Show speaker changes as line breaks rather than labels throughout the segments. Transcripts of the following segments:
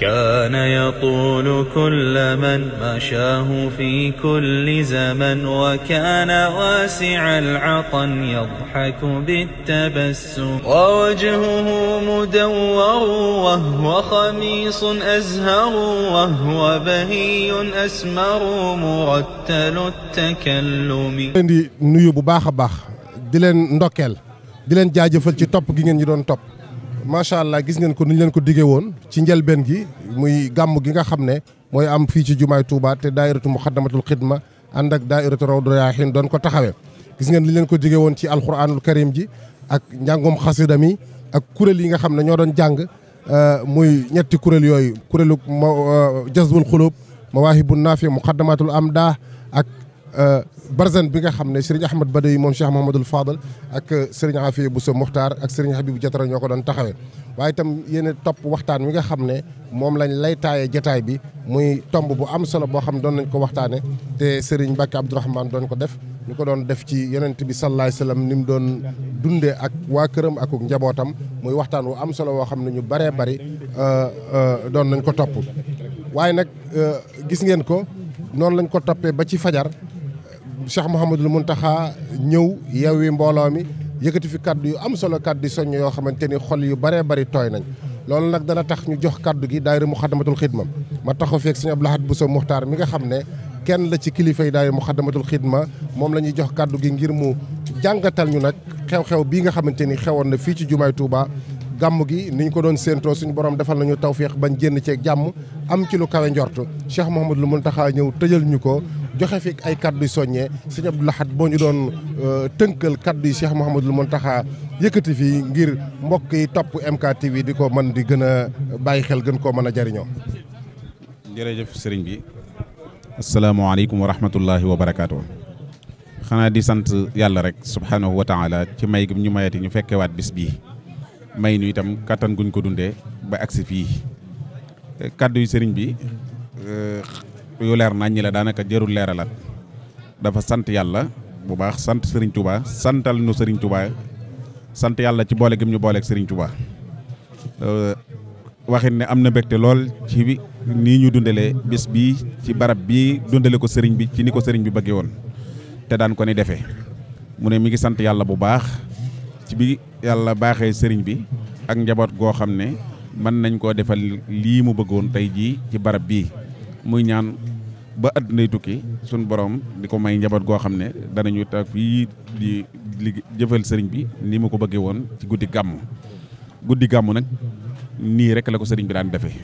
كان يطول كل من مشاه في كل زمن وكان واسع العطن يضحك بالتبسم ووجهه مدور وهو خميص أزهر وهو بهي أسمر مرتل التكلم
di nuyu bu baax a baax di leen ndokkeel di leen jaajëfal ci topp gi ngeen ñi doon topp macha allah gis ngeen ko ni leen ko diggee woon ci njëlbeen gi muy gàmm gi nga xam ne mooy am fii ci jumaay Touba te daairatu muxaddamatul xidma ànd ak daairatu rawdu rayaahin doon ko taxawee gis ngeen ni leen ko diggee woon ci alquranul karim ji ak njàngum xasida mi ak kuréel yi nga xam ne ñoo doon jàng euh, muy ñetti kuréel yooyu kuréelu euh, jazbul xulub mawaahibu naafi am daa ak euh, barzan bi nga xam ne Serigne Ahmad Badawi moom Cheikh Mahamadul Fadal ak Serigne bu Bousso Muxtaar ak Serigne Habibu Jatara ñoo ko doon taxawee waaye tam yéen topp waxtaan wi nga xam ne moom lañ lay taayee jataay bi muy tomb bu am solo boo xam ne doon nañ ko waxtaane te Serigne Mbacke Abdourahmane doon ko def ñu ko doon def ci yonent bi sallallahu alayhi wasallam ni mu doon dundee ak waa këram ak njabootam muy waxtaan wu am solo woo xam ne ñu bëree bëri euh, euh, doon nañ ko topp waaye nag euh, gis ngeen ko noonu lañ ko toppee ba ci fajar Cheikh mun taxaa ñëw yewwi mbooloo mi yëkkati fi kaddu yu am solo yi soññ yoo xamante ni xol yu baree bari tooy nañ loolu nag dana tax ñu jox kàddu gi daayira Muxaddamatul Xidma ma taxaw feeg sëñ Abdou Lahad Bousso Muxtaar mi nga xam ne kenn la ci kilifa yi daayira Muxaddamatul Xidma moom la ñuy jox kàddu gi ngir mu jàngatal ñu nag xew-xew bii nga xamante ni xewoon na fii ci jumaay Touba. gàmm gi ni ñu ko doon séentoo suñu borom defal nañu tawféex bañ génn ceeg jàmm am ci lu kawe njort Cheikh Mouhamadul Mountakha ñëw tëjal ko joxe fi ay kaddu soññee sëñ Abdou Lahad boo ñu doon euh, tënkal kaddu yi Cheikh Mouhamadul Mountakha yëkkati fii ngir mbokk yi topp MKTV di ko mën di gën a bàyyi xel gën koo mën a jariñoo
jërëjëf sëriñ bi asalaamaaleykum wa rahmatullahi wa barakaatu. xanaa di sant yàlla rek subhanahu wa ci may gi ñu mayati ñu waat bis bii may nu itam kattan guñ ko dundee ba agsi fii kaddu sëriñ bi euh, yu leer nañ ñi la daanaka jërul leeralaat dafa sant yàlla bu baax sant sëriñ Touba santal nu Serigne Touba sant yàlla ci boole gim ñu booleeg Serigne Touba euh, waxit ne am na mbégte lool ci nii ñu dundalee bis bi ci barab bi dundale ko sëriñ bi ci ni ko sëriñ bi bëggee woon te daan ko ni defee mu ne mi ngi sant yàlla bu baax ci bii yàlla baaxee sëriñ bi ak njaboot goo xam ne mën nañ koo defal lii mu bëggoon tey jii ci barab bii. muy ñaan ba addunay tukki suñ borom di ko may njaboot goo xam ne danañu taag fii di jëfal sëriñ bi ni ma ko bëggee woon ci guddi gàmm guddi gàmm nag nii rek la ko sëriñ bi daan defee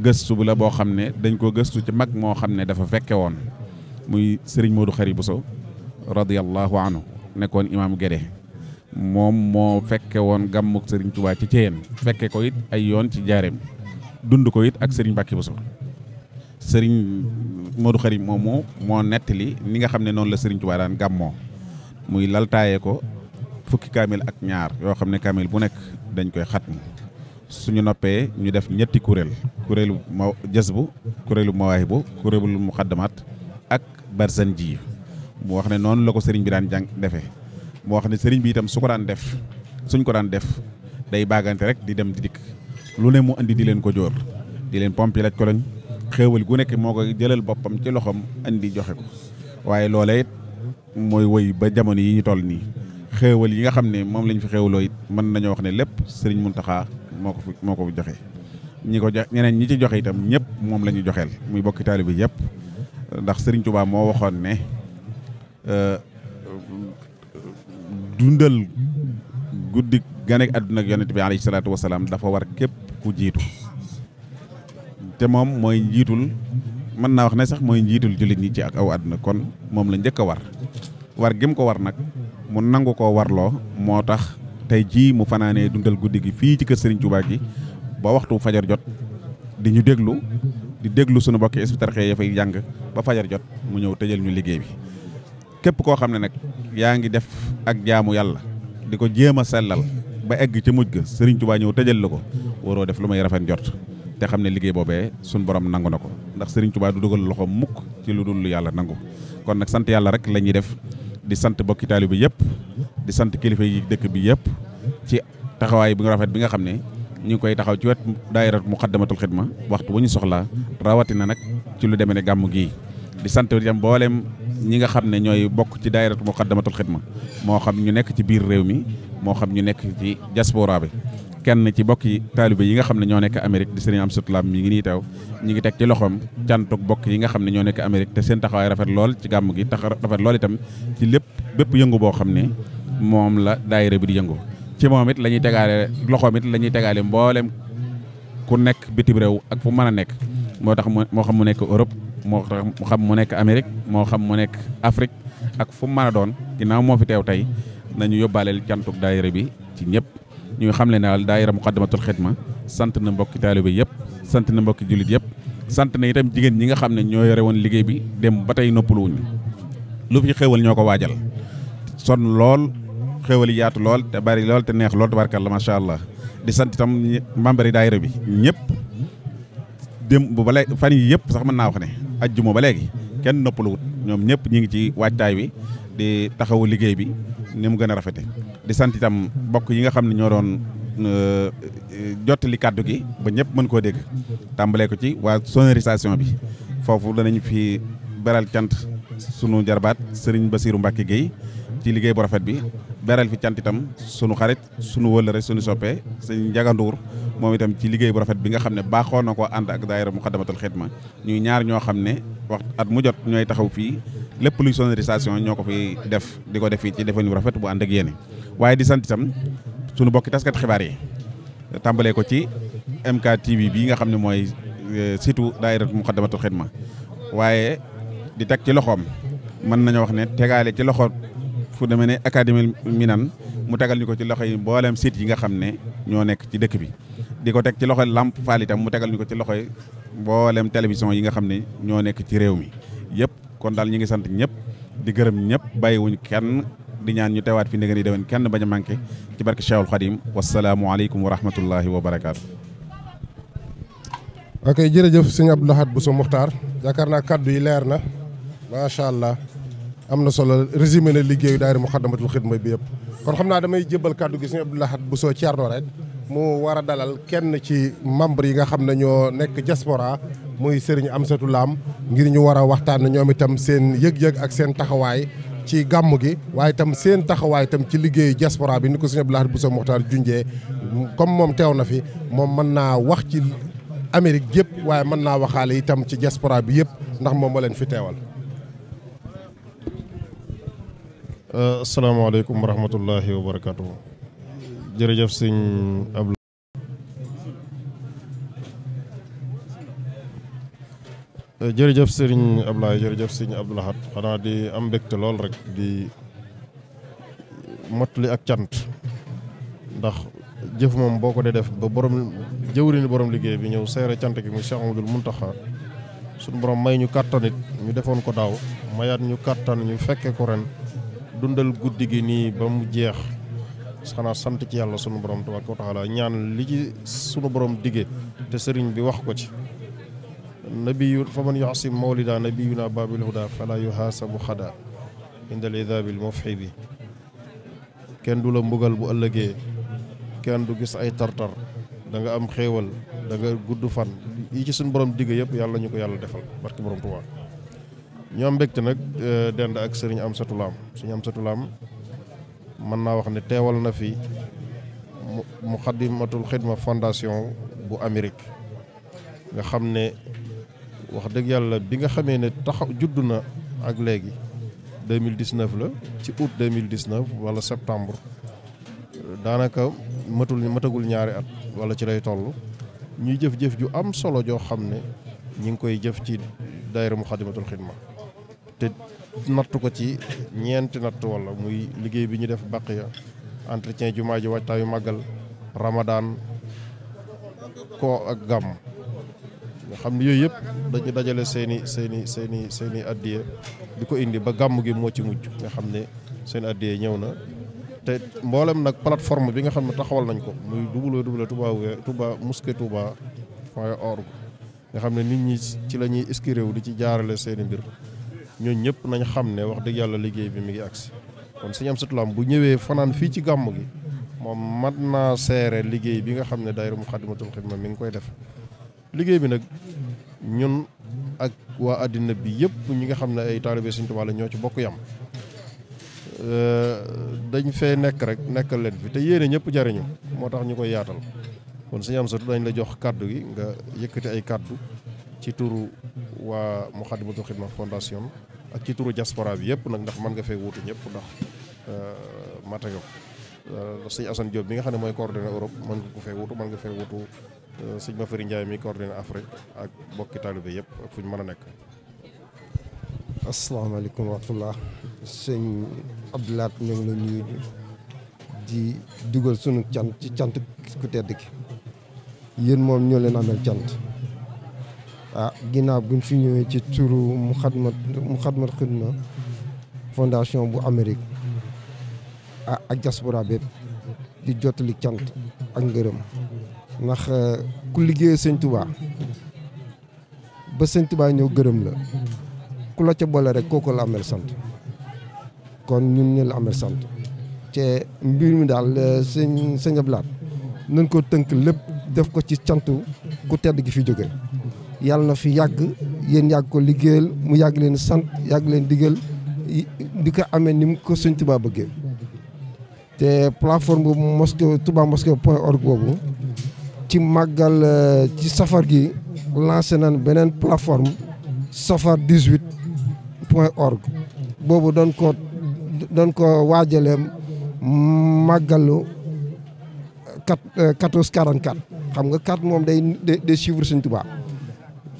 gëstu bu la boo xam ne dañ ko gëstu ci mag moo xam ne dafa fekke woon muy sëriñ Modou Khari Bousso radiyallahu anhu nekkoon imaam Gédé moom moo fekke woon gàmmuk sëriñ Touba ci Thièyène fekke ko it ay yoon ci jaareem dund ko it ak sëriñ Mbacke Bousso sëriñ Modou Xarim moomu moo nettali ni nga xam ne noonu la sëriñ Tuubaa daan gàmmoo muy laltaaye ko fukki kaamil ak ñaar yoo xam ne kaamil bu nekk dañ koy xatmu suñu noppee ñu def ñetti kuréel kureelu ma jës bu kuréelu mawaahibu kuréelu muqaddamaat ak barzan ji mu wax ne noonu la ko sëriñ bi daan jàng defee mu wax ne sëriñ bi itam su ko daan def suñ ko daan def day baagante rek di dem di dikk lu ne mu andi di leen ko jóor di leen pompi laj ko xéewal gu nekk moo koy jëlal boppam ci loxoom andi joxe ko waaye loola it mooy woy ba jamono yi ñu toll nii xéewal yi nga xam ne moom lañ fi xéewloo it mën nañoo wax ne lépp sëriñ Muntaxa moo ko moo ko joxe ñi ko jox ñeneen ñi ci joxe itam ñëpp moom la ñu joxeel muy bokki taalibe yëpp ndax sëriñ Tuubaa moo waxoon ne euh, dundal guddi ganek àdduna ak yonent bi alayhi salaatu wasalaam dafa war képp ku jiitu te moom mooy njiitul mën naa wax ne sax mooy njiitul jullit ñi ci ak aw àdduna kon moom la njëkk a war war gim ko war nag mu nangu ko warloo moo tax tey jii mu fanaanee dundal guddi gi fii ci kër Serigne Touba gi boo waxtu fajar jot di ñu déglu di déglu sunu bokki hizbut ya fay jàng ba fajar jot mu ñëw tëjal ñu liggéey bi képp koo xam ne nag yaa ngi def ak jaamu yàlla di ko jéem a sellal ba egg ca mujj ga Serigne Touba ñëw tëjal la ko waroo def lu may rafet jot te xam ne liggéey boobee suñ borom nangu na ko ndax Serigne Touba du dugal loxo mukk ci lu dul yàlla nangu kon nag sant yàlla rek la ñuy def di sant bokki taalibe bi yëpp di sant kilifa yi dëkk bi yëpp ci taxawaay bu nga rafet bi nga xam ne ñu koy taxaw ci wet daayira muqaddamatul xidma waxtu bu ñu soxlaa rawatina nag ci lu demee ne gàmm gii di sant itam mbooleem ñi nga xam ne ñooy bokk ci daayira muqaddamatul xidma moo xam ñu nekk ci biir réew mi moo xam ñu nekk ci diaspora kenn ci bokki taalibe yi nga xam ne ñoo nekk Amérique di sëriñ Amsatou Lam mi ngi nii teew ñi ngi teg ci loxoom cantuk bokk yi nga xam ne ñoo nekk Amérique te seen taxawaay rafet lool ci gàmm gi tax rafet lool itam ci lépp bépp yëngu boo xam ne moom la daayira bi di yëngu ci moom la ñuy tegaale loxoom lañuy la ñuy mboolem ku nekk bitim réew ak fu mën a nekk moo tax moo xam mu nekk Europe moo xam mu nekk Amérique moo xam mu nekk Afrique ak fu mën a doon ginnaaw moo fi teew tey nañu yóbbaale cantuk daayira bi ci ñëpp ñuy xam le ne daal daayira xet ma sant na mbokki taalibe yëpp sant na mbokki jullit yëpp sant na itam jigéen ñi nga xam ne ñoo yore woon liggéey bi dem ba tey noppaluwuñu lu fi xéwal ñoo ko waajal son lool xéwal yaatu lool te bari lool te neex lool tabarkàlla macha allah di sant itam membre yi daayira bi ñëpp dem bu ba léegi fan yi yëpp sax mën naa wax ne ajjuma ba léegi kenn noppaluwut ñoom ñëpp ñi ngi ci waajtaay wi di taxawu liggéey bi ni mu gën a rafete di sant itam mbokk yi nga xam ne ñoo doon euh, jottali kàddu gi ba ñëpp mën koo dégg tàmbalee ko ci waa sonorisation bi foofu danañ fi beral cant sunu jarbaat Serigne Bassirou Mbacke Guèye ci liggéey bu rafet bi beral fi cant itam sunu xarit sunu rek sunu soppee sëñ Njaganduur moom itam ci liggéey bu rafet bi nga xam ne baaxoo na koo ànd ak daayira Muxaddamatul Xidma ñuy ñaar ñoo xam ne wax at mu jot ñooy taxaw fii lépp luy sonorisation ñoo ko fi def di ko def fii ci defen bu rafet bu ànd ak yéene waaye di sant itam suñu bokki taskat xibaar yi tàmbalee ko ci MK TV bii nga xam ne mooy euh, surtout daayiratu Muqaddamatul Xidma waaye di teg ci loxoom mën nañoo wax ne tegaale ci loxo fu demee ne académie Minan mu tegal ñu ko ci loxo yi mbooleem site yi nga xam ne ñoo nekk ci dëkk bi di ko teg ci loxoy Lamp Fall itam mu tegal ko ci loxo loxoy mboolem télévision yi nga xam ne ñoo nekk ci réew mi yëpp kon daal ñu ngi sant ñëpp di gërëm ñëpp bàyyiwuñ kenn di ñaan ñu teewaat fi ndegeen yi déwén kenn bañ a manqué ci barke Cheikhul Khadim wasalaamualeykum wa rahmatullahi wa barakaatu.
ok jërëjëf sëñ Abdou Lahad Bousso Muxtaar yaakaar naa kàddu yi leer na macha allah am na solo résumé na liggéeyu daayira Muxaddamatul Xidma bi yëpp kon xam naa damay jébbal kaddu gi sëñ Abdou Lahad Bousso Thierno rek. mu war a dalal kenn ci membre yi nga xam ne ñoo nekk diaspora muy Serigne Amsatou Lam ngir ñu war a waxtaan ñoom itam seen yëg-yëg ak seen taxawaay ci gàmm gi waaye itam seen taxawaay itam ci liggéeyu diaspora bi ni ko sëñ Abdou Lahad Bousso Mokhtar junjee comme moom teew na fi moom mën naa wax ci Amérique yëpp waaye mën naa waxaale itam ci diaspora bi yëpp ndax moom ma leen fi teewal.
Euh, asalaamaaleykum wa rahmatullahi wa barakatuh jërëjëf sëñ Abdou jërëjëf sëriñ Ablaye jërëjëf sëriñ Abdou Lahad xanaa di am mbégte lool rek di li ak cant ndax jëf moom boo ko dee def ba borom jëwriñu borom liggéey bi ñëw seere cant gi mu Cheikh Amadou Mountakha suñu borom may ñu kàttan ñu defoon ko daaw mayaat ñu kàttan ñu fekkee ko ren dundal guddi gi nii ba mu jeex xanaa sant ci yàlla sunu borom tabaaraka wa taala ñaan li ci sunu borom diggee te sëriñ bi wax ko ci nabiyu fa man yoxsim mawlida nabiyuna babil huda fala yuhaasabu xada indal idaabil bi kenn du la mbugal bu ëllëgee kenn du gis ay tartar da nga am xéewal da gudd fan yi ci sunu borom digg yëpp yàlla ñu ko yàlla defal barki borom Tuubaa ñu am mbégte nag eh, dend ak sëriñ am Lam sëriñ Amsatu Lam mën naa wax ne teewal na fi Muxaddamatul Xidma fondation bu amerique nga xam ne wax dëgg yàlla bi nga xamee ne tax juddu na ak léegi 2019 la ci août 2019 wala septembre daanaka matul matagul ñaari at wala ci lay toll ñuy jëf-jëf ju am solo joo xam ne ñu ngi koy jëf ci daayira Muxaddamatul Xidma te nattu ko ci ñeenti natt wala muy liggéey bi ñu def bàq ya entretien jumaa ji waajtaayu màggal ramadaan ko ak gàmm nga xam ne yooyu yëpp dañu dajale seeni seeni seeni i seen i seen i addiye di ko indi ba gàmm gi moo ci mujj nga xam ne seen addiye ñëw na te mboolem nag plateforme bi nga xam ne taxawal nañ ko muy www touba touba mosquée touba point org nga xam ne nit ñi ci la ñuy inscrire wu di ci jaarale seeni mbir ñooñu ñëpp nañ xam ne wax dëgg yàlla liggéey bi mi ngi agsi kon sëñ Amsatou Lam bu ñëwee fanaan fii ci gàmm gi moom mat naa seere liggéey bi nga xam ne daayira Muxaddamatul Xidma mi ngi koy def liggéey bi nag ñun ak waa àddina bi yëpp ñi nga xam ne ay taalibe Sëñ Tuubaa la ñoo ci bokk yam euh, dañ fee nekk rek nekkal leen fi te yéene ñëpp jariñu moo tax ñu koy yaatal kon sëñ Amsatou dañ la jox kàddu gi nga yëkkati ay kàddu ci turu waa Moukhaddamatoul ma fondation ak ci turu diaspora bi yëpp nag ndax man nga fee wuutu ñëpp ndax euh, matagam euh, sëñ Assane Diop bi nga xam ne mooy coordonné Europe mën nga ko fee wuutu mën nga fee wuutu euh, sëñ Mafari Ndiaye mi coordonné Afrique ak bokki taalibe yëpp ak fu ñu mën a nekk.
asalaamaaleykum wa rahmatulah sëñ Abdoulaat ñu ngi la nuyu di dugal sunu cant ci cant ku tedd ki yéen moom ñoo leen amel cant. ah ginnaaw bi mu fi ñëwee ci turu mu xadmat mu xadmat xidma fondation bu Amérique ah ak diaspora bépp di jottali cant ak ngërëm ndax eh, ku liggéey sëñ Tuubaa ba sëñ Tuubaa ñëw gërëm la ku la ca boole rek kooku la amel sant kon ñun ñu la amel sant te mbir mi daal eh, sëñ sëñ Ablaat nañ ko tënk lépp def ko ci cant ku tedd gi fi jóge yàlla na fi yàgg yéen yàgg ko liggéeyal mu yàgg leen sant yàgg leen digal di ko amee ni mu ko sëñ Touba bëggee te plateforme boobu mosquée Touba mosquée point org boobu ci màggal euh, ci safar gi lancé nan beneen plateforme safar 18 point org boobu doon ko doon ko waajale màggalu quat euh, quatorze quarante-quatre xam nga quatre moom day day chiffre sëñ Touba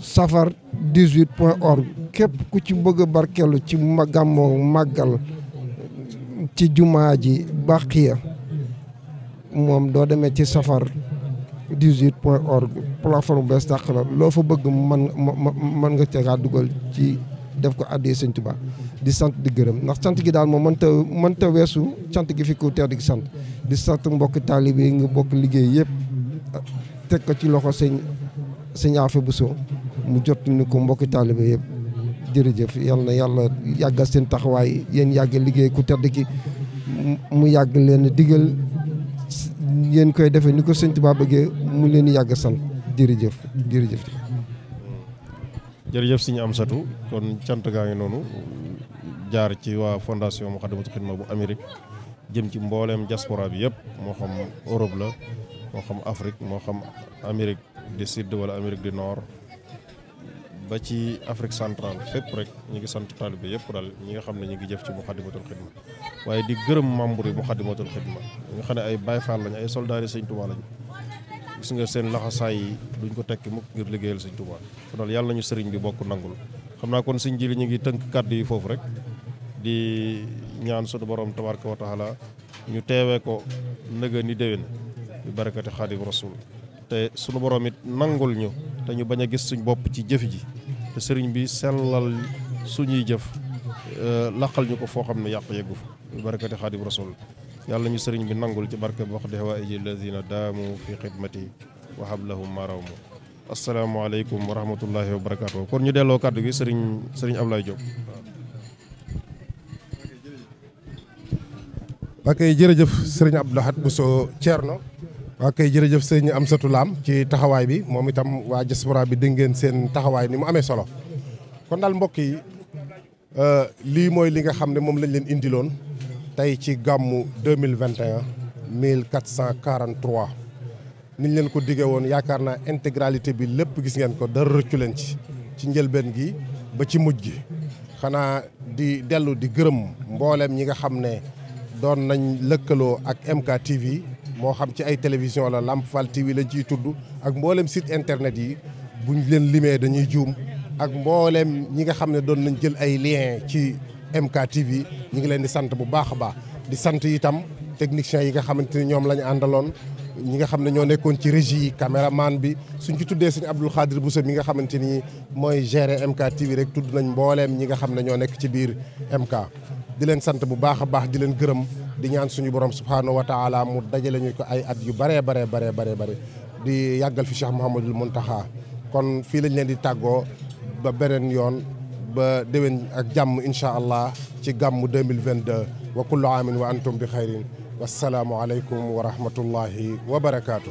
safar 18 point org képp ku ci bëgg a barkeelu ci gàmmoo màggal ci jumaa ji bàqiya moom doo demee ci safar 18 point org plateforme bees tàq la loo fa bëgg mën mën nga caa dugal ci def ko addee sëñ Tuubaa di sant di gërëm ndax sant gi daal moom mënta mënta weesu sant gi fi ku tedd gi sant di sant mbokk taalibe yi nga bokk liggéey yëpp teg ko ci loxo sëñ sëñ Afe Bousso mu jot ni ko mbokki taalibe yëpp jërëjëf yal na yàlla yàggal seen taxawaay yéen yàgg liggéey ku tedd ki mu yàgg leen digal yéen koy defee ni ko sëñ baa bëggee mu leen yàgg sant jërëjëf jërëjëf.
jërëjëf sëñ Amsatu kon cant gaa ngi noonu jaar ci waa fondation Moukhaddamatoul Khidma bu Amérique jëm ci mbooleem diaspora bi yëpp moo xam Europe la moo xam Afrique moo xam Amérique du Sud wala Amérique du Nord. ba ci Afrique centrale sépp rek ñu ngi sant taalibe yëpp daal ñi nga xam ne ñu ngi jëf ci Muxaddamatul Xidma waaye di gërëm membre yi Muxaddamatul Xidma nga xam ne ay Baay Faal lañ ay soldaari Sëñ Tuubaa lañ gis nga seen laxasaay yi duñ ko tekki mukk ngir liggéeyal Sëñ Tuubaa kon yàlla nañu sëriñ bi bokk nangul xam naa kon suñ ji li ñu ngi tënk kàddu yi foofu rek di ñaan sunu boroom tabaraka wa ñu teewee ko nëga ni déwén bi barakati Xaadim Rasul te sunu boroom it nangul ñu te ñu bañ a gis suñ bopp ci jëf ji te sëriñ bi sellal suñuy jëf euh, laqal ñu ko foo xam ne yàq yeggu fa bi barakati xaadim rasul yàlla ñu sëriñ bi nangul ci barke bi wax de waa iji lazina daamu fi xidmati wa hablahum marawmu asalaamaaleykum wa rahmatullahi wa barakaatu kon ñu delloo kàddu gi sëriñ sëriñ Ablaye Diop
ok jërëjëf sëriñ Abdou Lahad Bousso Thierno waaw kay jërëjëf am Amsatou Lam ci taxawaay bi moom itam waa diaspora bi dégg ngeen seen taxawaay ni mu amee solo kon daal mbokk yi euh, lii mooy li nga xam ne moom lañ leen indiloon tey ci gàmmu 2021 1443 niñ leen ko diggee woon yaakaar naa intégralité bi lépp gis ngeen ko dara rëccu leen ci ci njëlbeen gi ba ci mujj gi xanaa di dellu di gërëm mbooleem ñi nga xam ne doon nañ lëkkaloo ak MK TV moo xam ci ay télévision la Lamp Fall TV lañ ciy tudd ak mbooleem site internet yi buñ leen limee dañuy juum ak mboolem ñi nga xam ne doon nañ jël ay lien ci MK TV ñu ngi leen di sant bu baax a baax di sant itam techniciens yi nga xamante ni ñoom la ñu àndaloon ñi nga xam ne ñoo nekkoon ci régi yi caméraman bi suñ ci tuddee suñu Abdoul bu Bousso mi nga xamante ni mooy gérer MK TV rek tudd nañ mbooleem ñi nga xam ne ñoo nekk ci biir MK di leen sant bu baax a baax di leen gërëm di ñaan suñu borom subhaanahu wa taala mu dajale ñu ko ay at yu baree bare baree baree bare di yàggal fi Cheikh Mouhamadul Mountakha kon fii lañ leen di tàggoo ba beneen yoon ba déwén ak jàmm incha allah ci gàmmu 2022 wa kullu aamin wa antum bi xayrin wassalaamu aleykum wa rahmatullahi wa barakaatu.